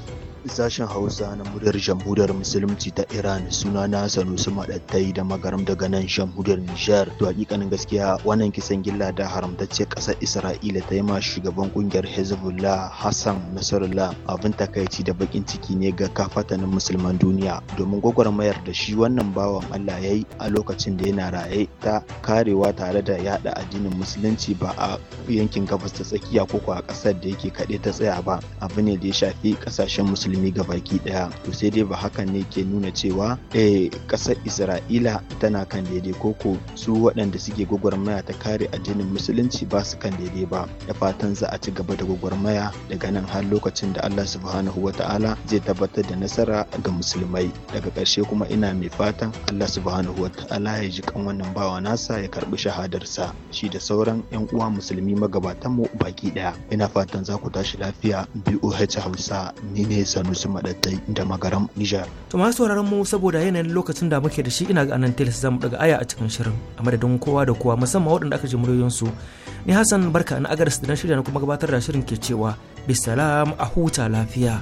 sashen hausa na muryar jamhuriyar musulunci ta iran suna na sanusi maɗattai da magaran haram daga nan hudar Nijar. To hakikanin gaskiya wannan kisan gilla da haramtacce kasar Isra'ila ta yi ma shugaban kungiyar Hezbollah Hassan nasarullah abin takaici da bakin ciki ne ga kafatanin musulman duniya domin gwagwarmayar da shi wannan bawan Allah ya yi a lokacin da yana raye ta karewa tare da yada addinin musulunci ba a yankin gabas ta tsakiya ko a kasar da yake kaɗai ta tsaya ba abu ne da ya shafi kasashen musulmi gabaki daya to sai dai ba hakan ne ke nuna cewa eh kasar Isra'ila ta tana kan daidai koko su waɗanda suke gwagwarmaya ta kare addinin musulunci ba su kan daidai ba da fatan za a ci gaba da gwagwarmaya daga nan har lokacin da Allah subhanahu wa ta'ala zai tabbatar da nasara ga musulmai daga ƙarshe kuma ina mai fatan Allah subhanahu wa ta'ala ya ji kan wannan bawa nasa ya karbi shahadarsa shi da sauran yan uwa musulmi magabatan mu baki daya ina fatan za ku tashi lafiya BOH Hausa ni ne Sanusi Madatai da Magaram Nijar to masu sauraron mu saboda yanayin lokacin da muke da shi ina ga anan shi zamu daga aya a cikin shirin a madadin kowa da kowa musamman waɗanda aka ji muryoyinsu ni hassan barka na agar da na shirya na kuma gabatar da shirin ke cewa bisalam a huta lafiya.